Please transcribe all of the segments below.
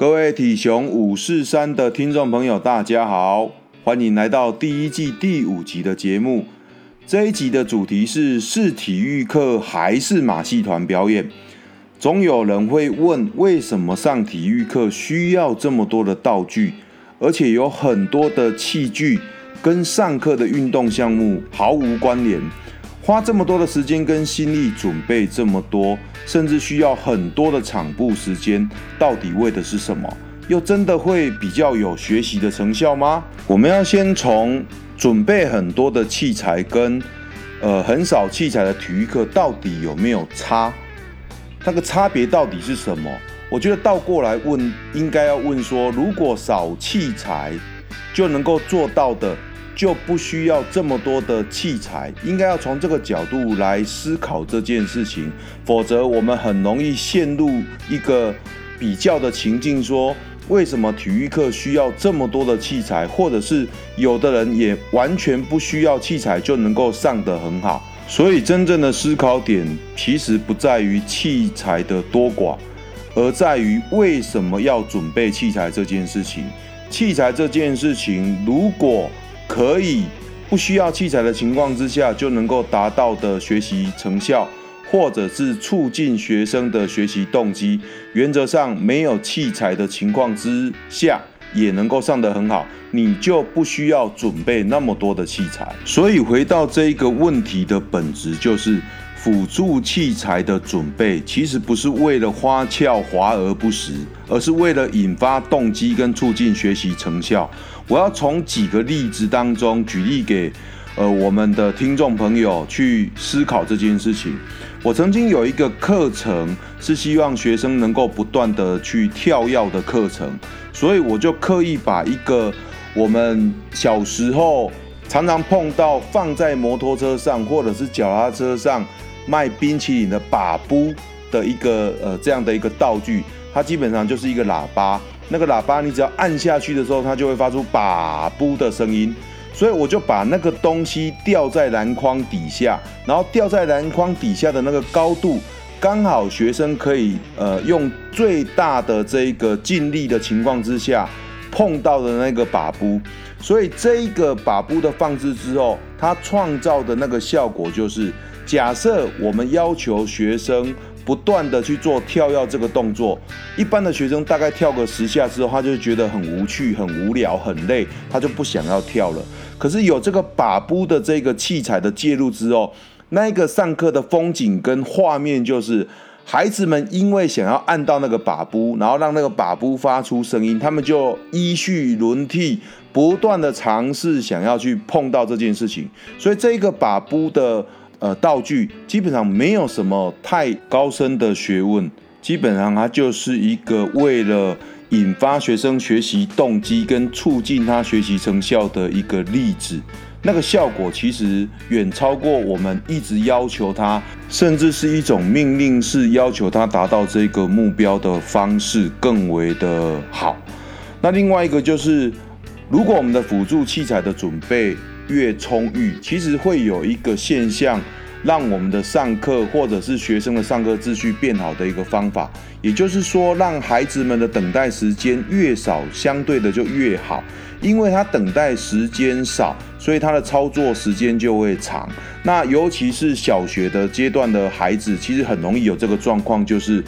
各位體熊五四三的聽眾朋友，大家好，歡迎來到第一季第五集的節目。這一集的主題是：是體育課還是馬戲團表演？總有人會問，為什麼上體育課需要這麼多的道具，而且有很多的器具跟上課的運動項目毫無關聯？花這麼多的時間跟心力準備這麼多，甚至需要很多的場佈時間，到底為的是什麼？又真的會比較有學習的成效嗎？我們要先從準備很多的器材跟呃很少器材的體育課到底有沒有差？那個差別到底是什麼？我覺得倒過來問，應該要問說，如果少器材就能夠做到的？就不需要這麼多的器材，應該要從這個角度來思考這件事情。否則，我們很容易陷入一個比較的情境，說為什麼體育課需要這麼多的器材？或者是有的人也完全不需要器材就能夠上得很好。所以，真正的思考點其實不在於器材的多寡，而在於為什麼要準備器材這件事情。器材這件事情，如果可以不需要器材的情況之下，就能夠達到的學習成效，或者是促進學生的學習動機。原則上，沒有器材的情況之下，也能夠上得很好。你就不需要準備那麼多的器材。所以，回到這一個問題的本質，就是。輔助器材的準備其實不是為了花俏、華而不實，而是為了引發動機跟促進學習成效。我要從幾個例子當中舉例給呃，我們的聽眾朋友去思考這件事情。我曾經有一個課程是希望學生能夠不斷地去跳躍的課程，所以我就刻意把一個我們小時候常常碰到，放在摩托車上或者是腳踏車上賣冰淇淋的叭噗的一個呃這樣的一個道具，它基本上就是一個喇叭，那個喇叭你只要按下去的時候，它就會發出叭噗的聲音。所以我就把那個東西吊在籃筐底下，然後吊在籃筐底下的那個高度剛好學生可以呃用最大的這個盡力的情況之下碰到的那個叭噗，所以這一個叭噗的放置之後，它創造的那個效果就是。假設我們要求學生不斷的去做跳躍這個動作，一般的學生大概跳個十下之後，他就覺得很無趣、很無聊、很累，他就不想要跳了。可是有這個把布的這個器材的介入之後，那一個上課的風景跟畫面就是孩子們因為想要按到那個把布，然後讓那個把布發出聲音，他們就依序輪替不斷的嘗試想要去碰到這件事情，所以這個把布的。呃，道具基本上沒有什麼太高深的學問，基本上它就是一個為了引發學生學習動機跟促進他學習成效的一個例子。那個效果其實遠超過我們一直要求他，甚至是一種命令式要求他達到這個目標的方式更為的好。那另外一個就是，如果我們的輔助器材的準備。越充裕，其實會有一個現象，讓我們的上課或者是學生的上課秩序變好的一個方法，也就是說，讓孩子們的等待時間越少，相對的就越好，因為他等待時間少，所以他的操作時間就會長。那尤其是小學的階段的孩子，其實很容易有這個狀況，就是。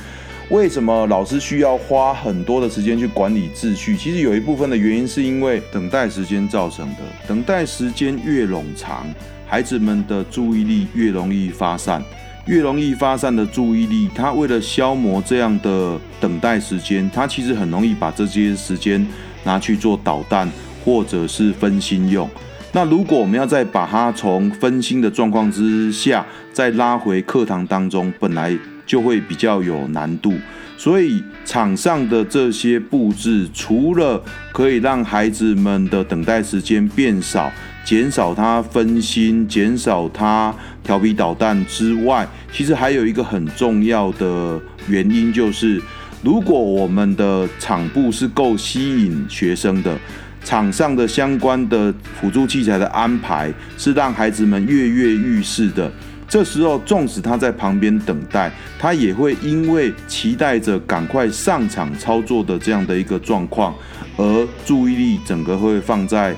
為什麼老師需要花很多的時間去管理秩序？其實有一部分的原因是因為等待時間造成的。等待時間越冗長，孩子們的注意力越容易發散，越容易發散的注意力，他為了消磨這樣的等待時間，他其實很容易把這些時間拿去做搗蛋或者是分心用。那如果我們要再把它從分心的狀況之下再拉回課堂當中，本來。就會比較有難度，所以場上的這些布置，除了可以讓孩子們的等待時間變少，減少他分心，減少他調皮搗蛋之外，其實還有一個很重要的原因就是，如果我們的場佈是夠吸引學生的，場上的相關的輔助器材的安排是讓孩子們躍躍欲試的。這時候，縱使他在旁邊等待，他也會因為期待着趕快上場操作的這樣的一個狀況，而注意力整個會放在。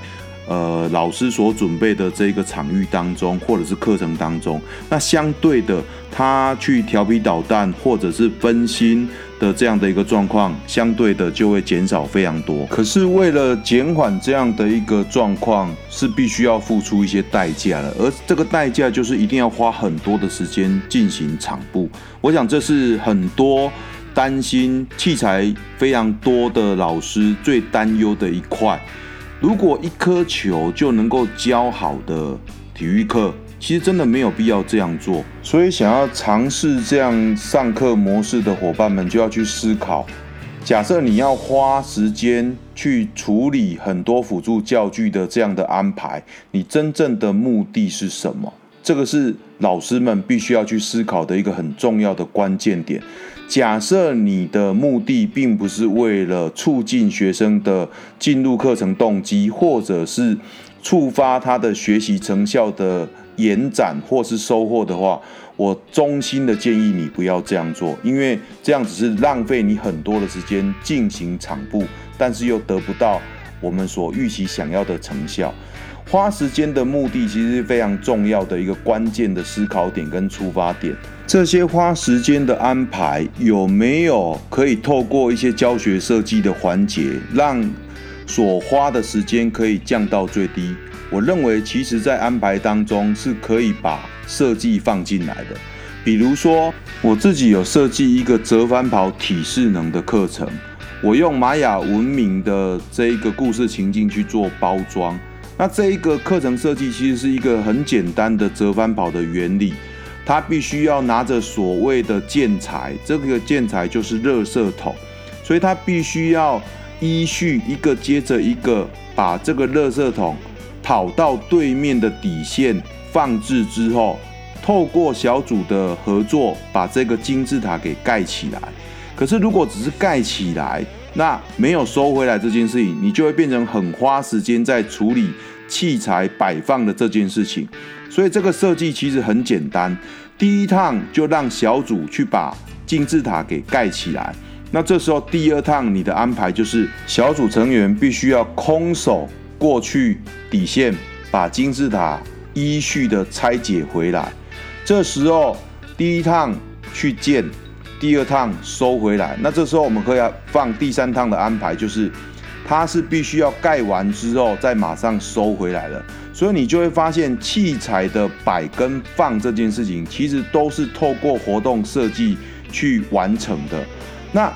呃，老師所準備的這個場域當中，或者是課程當中，那相對的，他去調皮搗蛋或者是分心的這樣的一個狀況，相對的就會減少非常多。可是為了減緩這樣的一個狀況，是必須要付出一些代價的，而這個代價就是一定要花很多的時間進行場布。我想這是很多擔心器材非常多的老師最擔憂的一塊。如果一顆球就能夠教好的體育課，其實真的沒有必要這樣做。所以，想要嘗試這樣上課模式的夥伴們，就要去思考：假設你要花時間去處理很多輔助教具的這樣的安排，你真正的目的是什麼？這個是老師們必須要去思考的一個很重要的關鍵點。假設你的目的並不是為了促進學生的進入課程動機，或者是觸發他的學習成效的延展或是收穫的話，我衷心的建議你不要這樣做，因為這樣只是浪費你很多的時間進行場佈，但是又得不到我們所預期想要的成效。花時間的目的其實是非常重要的一個關鍵的思考點跟出發點。這些花時間的安排有沒有可以透過一些教學設計的環節，讓所花的時間可以降到最低？我認為，其實，在安排當中是可以把設計放進來的。比如說，我自己有設計一個折返跑體適能的課程，我用瑪雅文明的這一個故事情境去做包裝。那這一個課程設計其實是一個很簡單的折返跑的原理，他必須要拿着所謂的建材，這個建材就是垃圾桶，所以他必須要依序一個接着一個把這個垃圾桶跑到對面的底線放置之後，透過小組的合作把這個金字塔給蓋起來。可是如果只是蓋起來，那沒有收回來這件事情，你就會變成很花時間在處理器材擺放的這件事情。所以這個設計其實很簡單，第一趟就讓小組去把金字塔給蓋起來。那這時候第二趟你的安排就是小組成員必須要空手過去底線，把金字塔依序的拆解回來。這時候第一趟去建。第二趟收回來，那這時候我們可以要放第三趟的安排，就是它是必須要蓋完之後再馬上收回來了。所以你就會發現器材的擺跟放這件事情，其實都是透過活動設計去完成的。那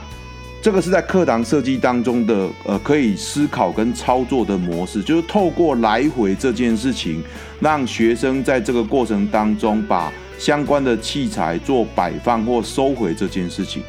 這個是在課堂設計當中的呃，可以思考跟操作的模式，就是透過來回這件事情，讓學生在這個過程當中把。相關的器材做擺放或收回這件事情，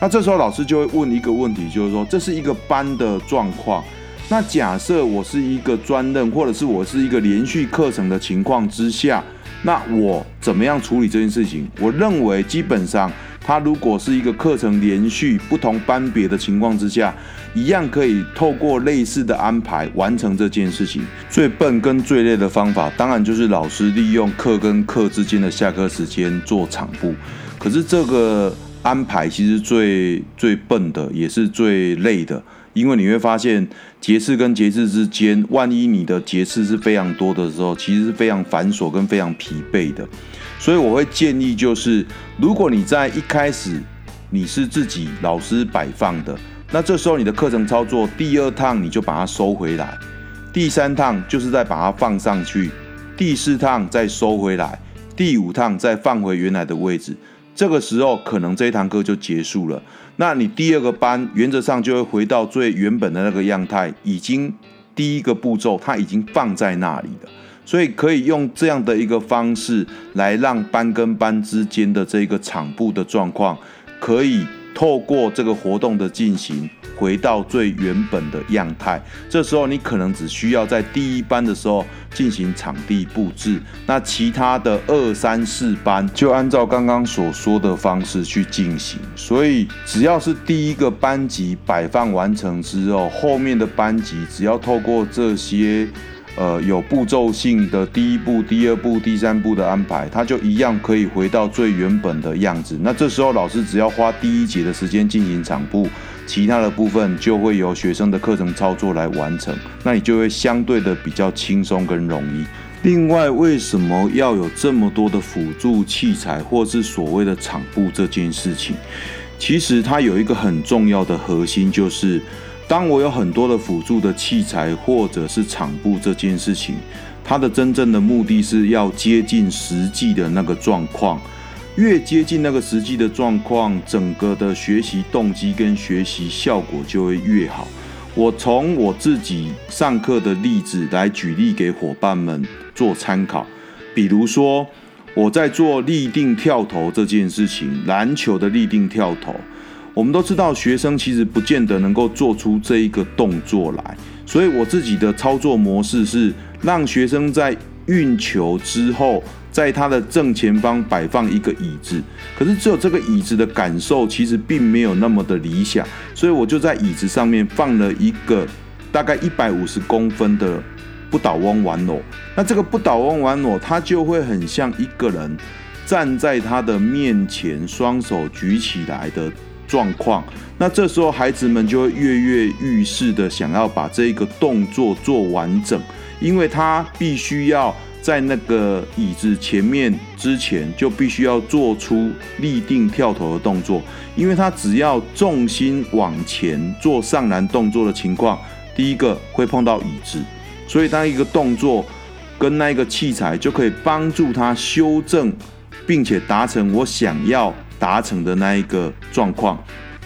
那這時候老師就會問一個問題，就是說這是一個班的狀況，那假設我是一個專任或者是我是一個連續課程的情況之下，那我怎麼樣處理這件事情？我認為基本上。他如果是一個課程連續不同班別的情況之下，一樣可以透過類似的安排完成這件事情。最笨跟最累的方法，當然就是老師利用課跟課之間的下課時間做場佈。可是這個安排其實最最笨的，也是最累的，因為你會發現節次跟節次之間，萬一你的節次是非常多的時候，其實是非常繁瑣跟非常疲憊的。所以我會建議，就是如果你在一開始你是自己老師擺放的，那這時候你的課程操作第二趟，你就把它收回來，第三趟就是再把它放上去，第四趟再收回來，第五趟再放回原來的位置。這個時候可能這一堂課就結束了。那你第二個班原則上就會回到最原本的那個樣態，已經第一個步驟它已經放在那裡了。所以可以用這樣的一個方式來讓班跟班之間的這個場布的狀況，可以透過這個活動的進行回到最原本的樣態。這時候你可能只需要在第一班的時候進行場地布置，那其他的二三四班就按照剛剛所說的方式去進行。所以只要是第一個班級擺放完成之後，後面的班級只要透過這些。呃，有步驟性的第一步、第二步、第三步的安排，他就一樣可以回到最原本的樣子。那這時候老師只要花第一節的時間進行場佈，其他的部分就會由學生的課程操作來完成。那你就會相對的比較輕鬆跟容易。另外，為什麼要有這麼多的輔助器材或是所謂的場佈這件事情？其實它有一個很重要的核心就是。當我有很多的輔助的器材或者是場佈這件事情，它的真正的目的是要接近實際的那個狀況，越接近那個實際的狀況，整個的學習動機跟學習效果就會越好。我從我自己上課的例子來舉例給夥伴們做參考，比如說我在做立定跳投這件事情，籃球的立定跳投。我們都知道，學生其實不見得能夠做出這一個動作來，所以我自己的操作模式是讓學生在運球之後，在他的正前方擺放一個椅子。可是只有這個椅子的感受，其實並沒有那麼的理想，所以我就在椅子上面放了一個大概一百五十公分的不倒翁玩偶。那這個不倒翁玩偶，它就會很像一個人站在他的面前，雙手舉起來的狀況，那這時候孩子們就會躍躍欲試的想要把這一個動作做完整，因為他必須要在那個椅子前面之前就必須要做出立定跳投的動作，因為他只要重心往前做上籃動作的情況，第一個會碰到椅子，所以當一個動作跟那個器材就可以幫助他修正，並且達成我想要。達成的那一個狀況，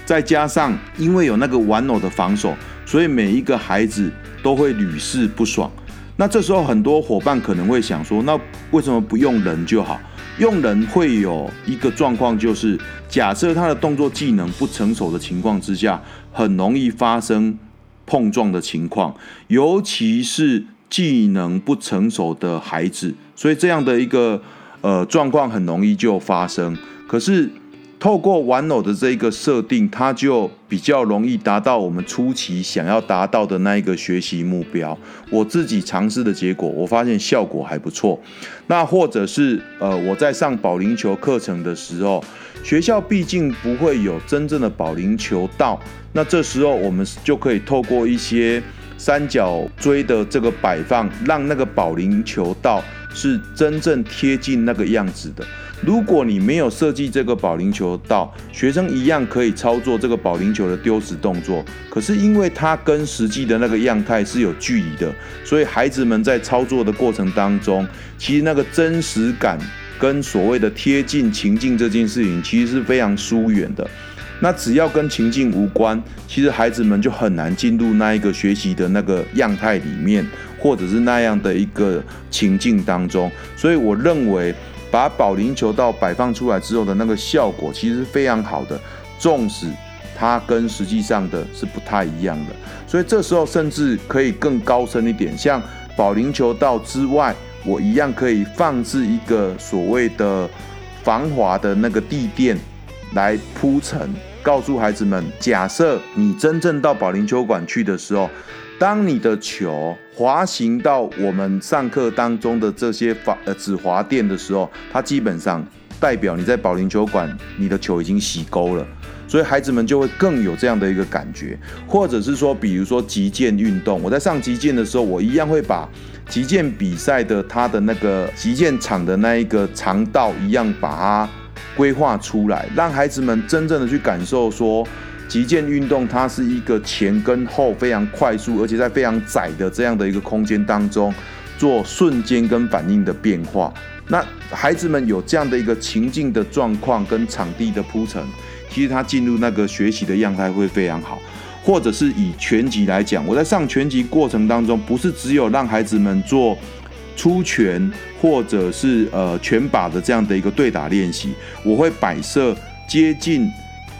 再加上因為有那個玩偶的防守，所以每一個孩子都會屢試不爽。那這時候很多夥伴可能會想說，那為什麼不用人就好？用人會有一個狀況，就是假設他的動作技能不成熟的情況之下，很容易發生碰撞的情況，尤其是技能不成熟的孩子，所以這樣的一個呃狀況很容易就發生。可是。透過玩偶的這一個設定，它就比較容易達到我們初期想要達到的那一個學習目標。我自己嘗試的結果，我發現效果還不錯。那或者是呃，我在上保齡球課程的時候，學校畢竟不會有真正的保齡球道，那這時候我們就可以透過一些三角錐的這個擺放，讓那個保齡球道是真正貼近那個樣子的。如果你沒有設計這個保齡球的道，學生一樣可以操作這個保齡球的丟擲動作。可是因為它跟實際的那個樣態是有距離的，所以孩子們在操作的過程當中，其實那個真實感跟所謂的貼近情境這件事情，其實是非常疏遠的。那只要跟情境無關，其實孩子們就很難進入那一個學習的那個樣態裡面，或者是那樣的一個情境當中。所以我認為。把保齡球道擺放出來之後的那個效果，其實是非常好的，縱使它跟實際上的是不太一樣的，所以這時候甚至可以更高深一點，像保齡球道之外，我一樣可以放置一個所謂的防滑的那個地墊來鋪陳，告訴孩子們，假設你真正到保齡球館去的時候，當你的球。滑行到我們上課當中的這些法呃止滑墊的時候，它基本上代表你在保齡球館，你的球已經洗溝了，所以孩子們就會更有這樣的一個感覺，或者是說，比如說擊劍運動，我在上擊劍的時候，我一樣會把擊劍比賽的它的那個擊劍場的那一個長道一樣把它規劃出來，讓孩子們真正的去感受說。擊劍運動，它是一個前跟後非常快速，而且在非常窄的這樣的一個空間當中做瞬間跟反應的變化。那孩子們有這樣的一個情境的狀況跟場地的鋪陳，其實他進入那個學習的樣態會非常好。或者是以拳擊來講，我在上拳擊過程當中，不是只有讓孩子們做出拳或者是呃拳靶的這樣的一個對打練習，我會擺設接近。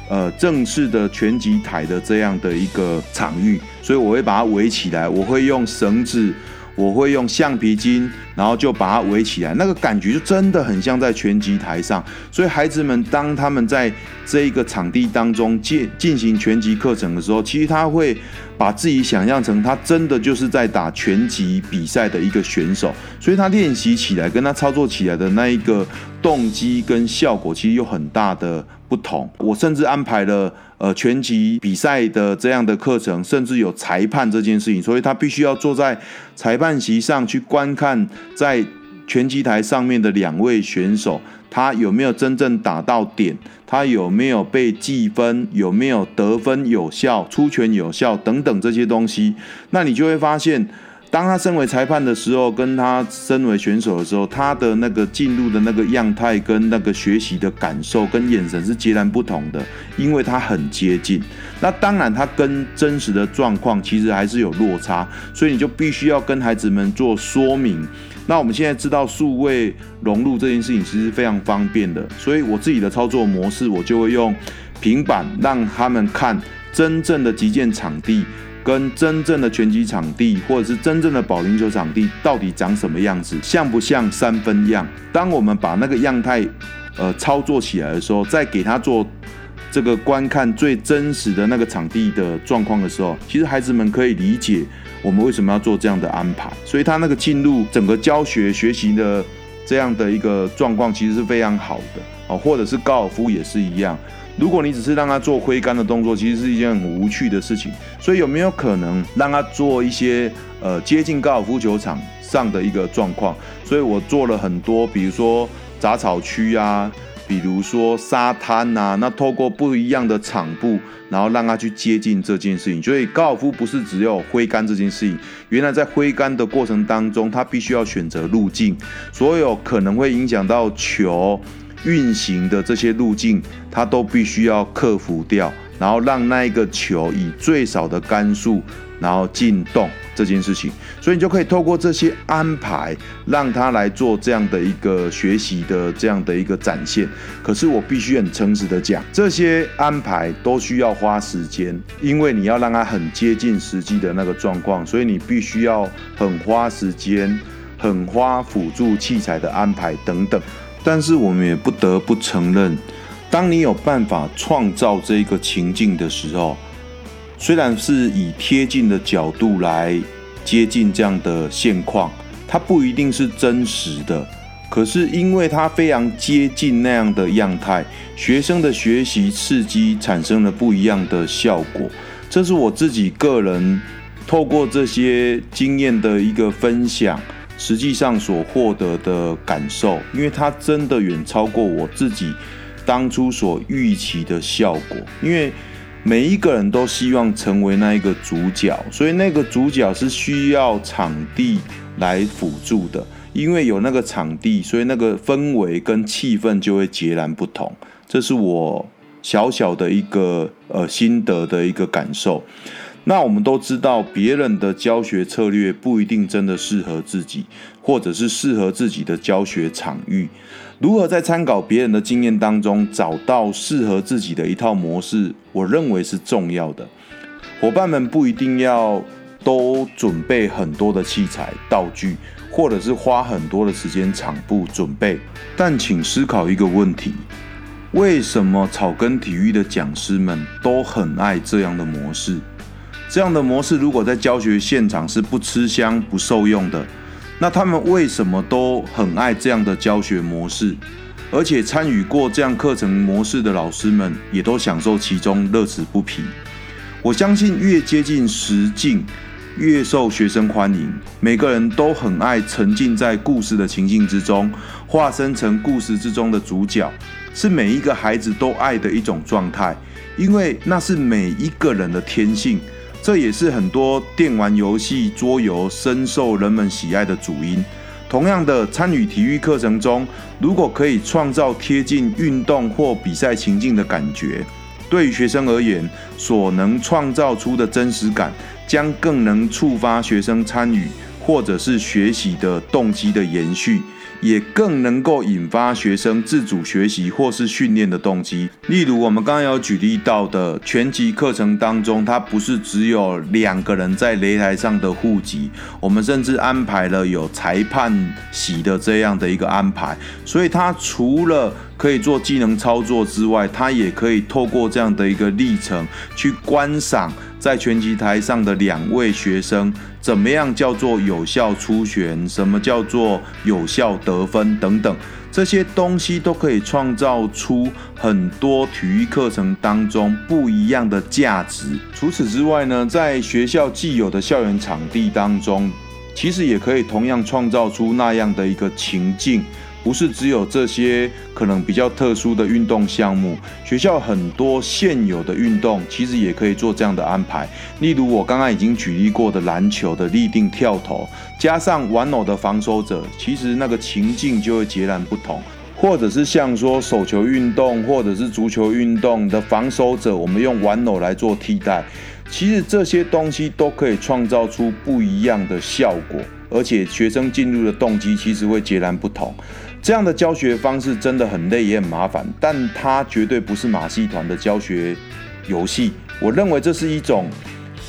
呃，正式的拳擊台的這樣的一個場域，所以我會把它圍起來，我會用繩子，我會用橡皮筋，然後就把它圍起來，那個感覺就真的很像在拳擊台上。所以孩子們當他們在這一個場地當中進進行拳擊課程的時候，其實他會把自己想象成他真的就是在打拳擊比賽的一個選手，所以他練習起來跟他操作起來的那一個。動機跟效果其實有很大的不同。我甚至安排了呃拳擊比賽的這樣的課程，甚至有裁判這件事情，所以他必須要坐在裁判席上去觀看在拳擊台上面的兩位選手，他有沒有真正打到點，他有沒有被記分，有沒有得分有效、出拳有效等等這些東西。那你就會發現。當他身為裁判的時候，跟他身為選手的時候，他的那個進入的那個樣態，跟那個學習的感受，跟眼神是截然不同的，因為他很接近。那當然，他跟真實的狀況其實還是有落差，所以你就必須要跟孩子們做說明。那我們現在知道數位融入這件事情其實是非常方便的，所以我自己的操作模式，我就會用平板讓他們看真正的擊劍場地。跟真正的拳擊場地或者是真正的保齡球場地到底長什麼樣子，像不像三分樣？當我們把那個樣態，呃，操作起來的時候，再給他做這個觀看最真實的那個場地的狀況的時候，其實孩子們可以理解我們為什麼要做這樣的安排。所以他那個進入整個教學學習的這樣的一個狀況，其實是非常好的哦，呃，或者是高爾夫也是一樣。如果你只是讓他做揮桿的動作，其實是一件很無趣的事情。所以有沒有可能讓他做一些呃接近高爾夫球場上的一個狀況？所以我做了很多，比如說雜草區啊，比如說沙灘吶、啊，那透過不一樣的場佈，然後讓他去接近這件事情。所以高爾夫不是只有揮桿這件事情。原來在揮桿的過程當中，他必須要選擇路徑，所有可能會影響到球。運行的這些路徑，它都必須要克服掉，然後讓那一個球以最少的桿數，然後進洞這件事情。所以你就可以透過這些安排，讓它來做這樣的一個學習的這樣的一個展現。可是我必須很誠實的講，這些安排都需要花時間，因為你要讓它很接近實際的那個狀況，所以你必須要很花時間，很花輔助器材的安排等等。但是我們也不得不承認，當你有辦法創造這個情境的時候，雖然是以貼近的角度來接近這樣的現況，它不一定是真實的，可是因為它非常接近那樣的樣態，學生的學習刺激產生了不一樣的效果。這是我自己個人透過這些經驗的一個分享。實際上所獲得的感受，因為它真的遠超過我自己當初所預期的效果。因為每一個人都希望成為那一個主角，所以那個主角是需要場地來輔助的。因為有那個場地，所以那個氛圍跟氣氛就會截然不同。這是我小小的一個呃心得的一個感受。那我們都知道，別人的教學策略不一定真的適合自己，或者是適合自己的教學場域。如何在參考別人的經驗當中找到適合自己的一套模式，我認為是重要的。夥伴們不一定要都準備很多的器材道具，或者是花很多的時間場佈準備，但請思考一個問題：為什麼草根體育的講師們都很愛這樣的模式？這樣的模式如果在教學現場是不吃香不受用的，那他們為什麼都很愛這樣的教學模式？而且參與過這樣課程模式的老師們也都享受其中，樂此不疲。我相信越接近實境，越受學生歡迎。每個人都很愛沉浸在故事的情境之中，化身成故事之中的主角，是每一個孩子都愛的一種狀態，因為那是每一個人的天性。這也是很多電玩遊戲、桌遊深受人們喜愛的主因。同樣的，參與體育課程中，如果可以創造貼近運動或比賽情境的感覺，對於學生而言，所能創造出的真實感，將更能觸發學生參與或者是學習的動機的延續。也更能夠引發學生自主學習或是訓練的動機。例如，我們剛剛有舉例到的拳擊課程當中，它不是只有兩個人在擂台上的互擊，我們甚至安排了有裁判席的這樣的一個安排，所以它除了。可以做技能操作之外，他也可以透過這樣的一個歷程去觀賞在拳擊台上的兩位學生怎麼樣叫做有效出拳，什麼叫做有效得分等等，這些東西都可以創造出很多體育課程當中不一樣的價值。除此之外呢，在學校既有的校園場地當中，其實也可以同樣創造出那樣的一個情境。不是只有這些可能比較特殊的運動項目，學校很多現有的運動其實也可以做這樣的安排。例如我剛剛已經舉例過的籃球的立定跳投，加上玩偶的防守者，其實那個情境就會截然不同。或者是像說手球運動或者是足球運動的防守者，我們用玩偶來做替代，其實這些東西都可以創造出不一樣的效果，而且學生進入的動機其實會截然不同。這樣的教學方式真的很累，也很麻煩，但它絕對不是馬戲團的教學遊戲。我認為這是一種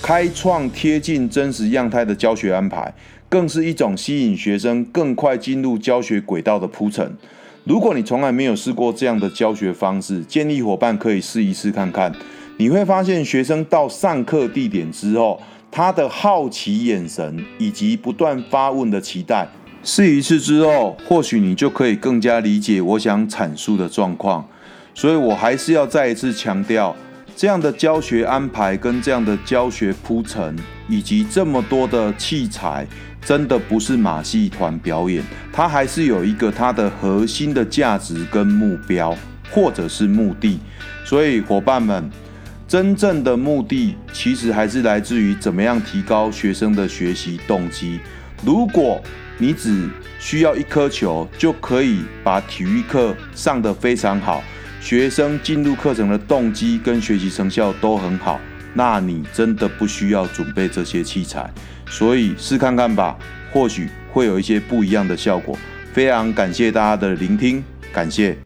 開創貼近真實樣態的教學安排，更是一種吸引學生更快進入教學軌道的鋪陳。如果你從來沒有試過這樣的教學方式，建議夥伴可以試一試看看。你會發現，學生到上課地點之後，他的好奇眼神以及不斷發問的期待。試一次之後，或許你就可以更加理解我想闡述的狀況。所以我還是要再一次強調，這樣的教學安排跟這樣的教學鋪陳，以及這麼多的器材，真的不是馬戲團表演，它還是有一個它的核心的價值跟目標，或者是目的。所以夥伴們，真正的目的其實還是來自於怎麼樣提高學生的學習動機。如果你只需要一顆球就可以把體育課上得非常好，學生進入課程的動機跟學習成效都很好，那你真的不需要準備這些器材，所以試看看吧，或許會有一些不一樣的效果。非常感謝大家的聆聽，感謝。